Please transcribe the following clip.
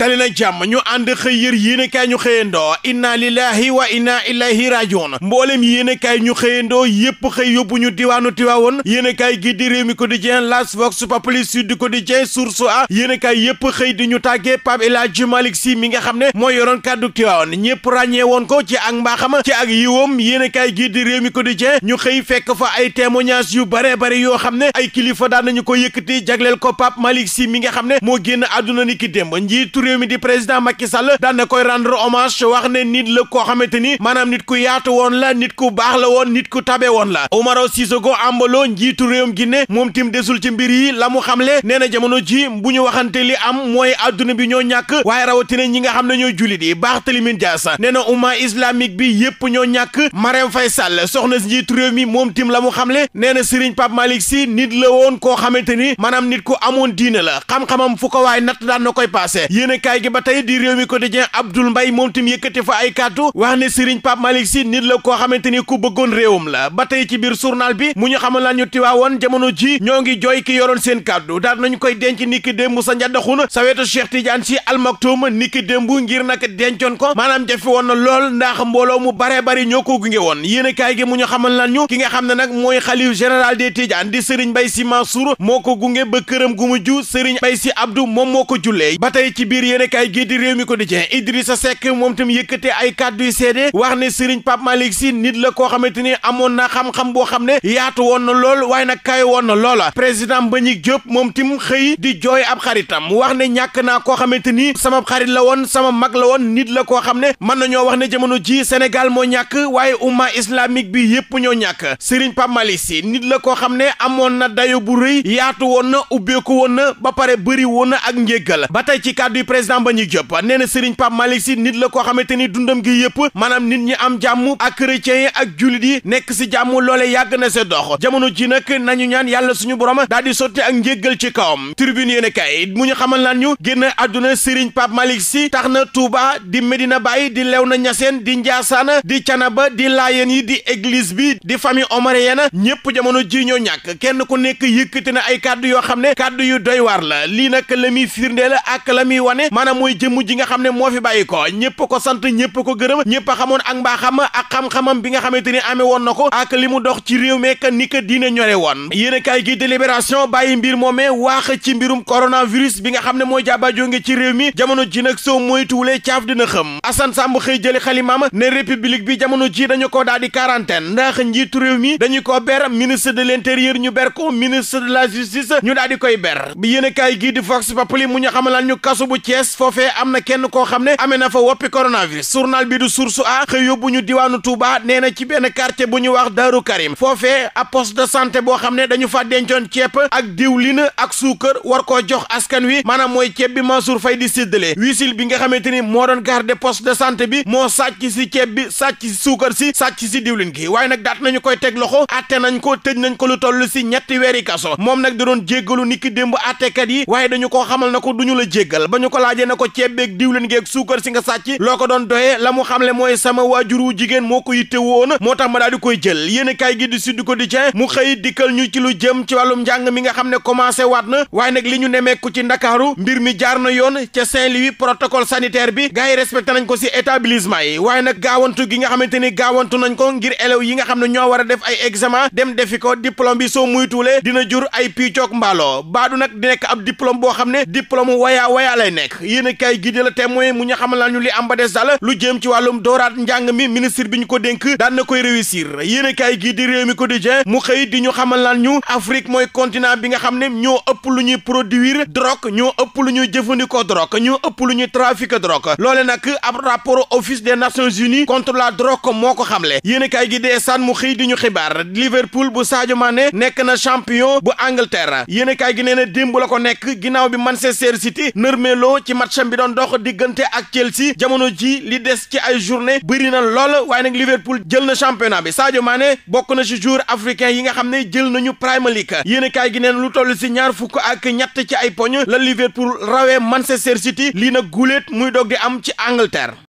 tali na jàmm ñu ànd xëy yër yéenekaay ñu xëyandoo inna lillahi wa inna ilayhi rajiun mboolem yéenekaay ñu xëyee ndoo yépp xëy yóbbu ñu diwaanu Tiwaawoon yéenekaay gi di Rewmi Quotidien L'As Vox Populi di Quotidien Source A yenekaay yépp xëy di ñu tàggee Pape El Hadji sii mi nga xam ne mooy yoroon kàddu Tiwaawoon ñépp ràññee woon ko ci ak mbaaxam ci ak yiwam yéenekaay gi di Rewmi Quotidien ñu xëy fekk fa ay témoignages yu bare bare yoo xam ne ay kilifa daan nañu ko yëkkati jagleel ko Pape Malick Sy mi nga xam ne moo génn àdduna ni ki démb njiitu réew mi di président Macky Sall daan koy rendre wax ne nit la koo xamante ni nit ku yaatu woon la nit ku baax la woon nit ku tabe woon la Umaro Sissoco Embalo njiitu réewum Guinée moom tim desul ci mbir yi la mu xamle nee na jamono ji bu ñu waxante li am mooy adduna bi ñoo ñàkk waaye rawatina ñi nga xam ne ñoo jullit yi Barthélémy Dias nee na umma islamique bi yépp ñoo ñàkk Marème Faye Sall soxna si njiitu réew mi moom tim la mu xamle nee na Serigne Pape Malick Sy nit la woon koo xamante ni maanaam nit ku la xam-xamam fu ko yéenekaay gi ba tey di réew mi quotidien Abdoul Mbaye moom tam yëkkati fa ay kàddu wax ne Serigne Pape Malick Sy nit la koo xamante ni ku bëggoon réewam la ba tey ci biir journal bi mu ñu xamal laan ñu tiwaawoon jamono ji ñoo ngi jooy ki yoroon seen kàddu daal nañu koy denc niki démb Moussa Ndiadakhoune saweetu Cheikh Tidiane si Al Maktoum niki démb ngir na dencoon ko maanaam jafe woon na lool ndax mbooloo mu bare bari ñoo ko gunge woon yéenekaay gi mu ñu xamal laan ñu ki nga xam ne nag mooy xalif général des Tidiane di Serigne Mbaye Sy Mansour moo ko gunge ba këram gu mujj Serigne Mbaye Sy Abdou moom moo ko jullee yéene kaay gii di réew mi quotidien Idrissa Seck moom tam yëkkate ay kàddu yu seede wax ne Serigne Pape Malick Sy nit la koo xamante ni amoon na xam-xam boo xam ne yaatu woon na lool waaye na kaay woon na loola président Mbagnick Diop moom tim xëy di jooy ab xaritam wax ne ñàkk naa koo xamante ni sama xarit la woon sama mag la woon nit la koo xam ne mën nañoo wax ne jamono ji Sénégal moo ñàkk waaye umma islamique bi yépp ñoo ñàkk Serigne Pape Malick Sy nit la koo xam ne amoon na dayo bu yaatu woon na ubbeeku woon na ba pare bëri na ak njéggal président Mbagnick Diop nee na nit la koo xamante ni dundam gi yëpp maanaam nit ñi am jàmm ak chrétien yi ak jullit yi nekk si jàmm loole yàgg na sa dox jamono ji nag nañu ñaan yàlla suñu borom daal di sotti ak njéggal ci kawam tribune yéen kay mu ñu xamal laan ñu génn àdduna Serigne Pape Malick Sy tax di Medina Baye di Léona Niassène di Ndiassane di Canaba di Laayeen yi di église bi di famille omarienne ñëpp jamono ji ñoo ñàkk kenn ku nekk yëkkati na ay kàddu yoo xam ne kàddu yu ne maanaam mooy jëmm ji nga xam ne moo fi bàyyi ko ñëpp ko sant ñëpp ko gërëm ñëpp a xamoon ak mbaaxam ak xam-xamam bi nga xamante ni amee woon na ko ak li mu dox ci réew meek ni ko diine ñore woon yéen a kaay gi de libération bàyyi mbir moomee waax ci mbirum coronavirus bi nga xam ne mooy jaaba jónge ci réew mi jamono ji nag soo moytuwulee caaf dina xëm Assane Samb xëy jëli xalimaam ne république bi jamono ji dañu ko daal di quarantaine ndax njiitu réew mi dañu ko ber ministre de l'intérieur ñu ber ko ministre de la a kaay Thiès foofee am na kenn koo xam ne ame na fa woppi coronavirus journal bi du su a xëy yóbbu ñu diwaanu Touba nee na ci benn quartier bu ñu wax Daaru Karim foofee ab poste de santé boo xam ne dañu fa dencoon ceeb ak diwlin ak suukar war koo jox askan wi maanaam mooy ceeb bi Mansour fay di séddale wisil bi nga xamante ni moo doon garde poste de santé bi moo sàcc si ceeb bi sàcc si suukar si sàcc si diwlin gi waaye nag daat nañu koy teg loxo attee nañ ko tëj nañ ko lu toll si ñetti weeri kaso moom nag da doon jéggalu démb attekat yi waaye dañu koo xamal na ko duñu la jéggal ko laajee na ko ceeb beeg diwlin geeg suukar si nga sàcc loo ko doon doyee la mu xamle mooy sama waajuru jigéen moo ko yitte woon moo tax ma daal koy jël yéen kaay gi di Sud mu xëy dikkal ñu ci lu jëm ci wàllum njàng mi nga xam ne commencé waat na waaye nag li ñu nemmeeku ci ndakaaru mbir mi jaar na yoon ca Saint-Louis protocole sanitaire bi gars yi respecté nañ ko si établissement yi waaye nag gaawantu gi nga ni gaawantu nañ ko yi xam ne ñoo war a def ay examen dem defi ko diplôme bi soo muy di nekk ab diplôme boo xam ne diplôme wayaa wayaa lay nekk nekk yéen a gi de la témoin mu ñu xamal ñu li am ba des lu jëm ci wàllum dooraat njàng mi ministre bi ñu ko dénk daan na koy réussir yéen a kaay gi di réew mi quotidien mu xëy di ñu xamal la ñu Afrique mooy continent bi nga xam ne ñoo ëpp lu ñuy produire drogue ñoo ëpp lu ñuy jëfandikoo drogue ñoo ëpp lu ñuy trafic drogue loole nag ab rapport office des nations unies contre la drogue moo ko xamle yéen a kaay gi de san mu xëy di ñu xibaar Liverpool na champion bu Angleterre yéen a kaay gi nee na démb la ko nekk Coutinho ci matcham bi doon dox diggante ak Chelsea jamono ji li des ci ay journée bëri na lool waaye nag Liverpool jël na championnat bi Sadio Mané bokk na ci joueur africain yi nga xam ne jël nañu Premier League yéen kaay gi neen lu toll si ñaar fukk ak ñett ci ay poñ la Liverpool rawee Manchester City lii nag guléet muy dog di am ci Angleterre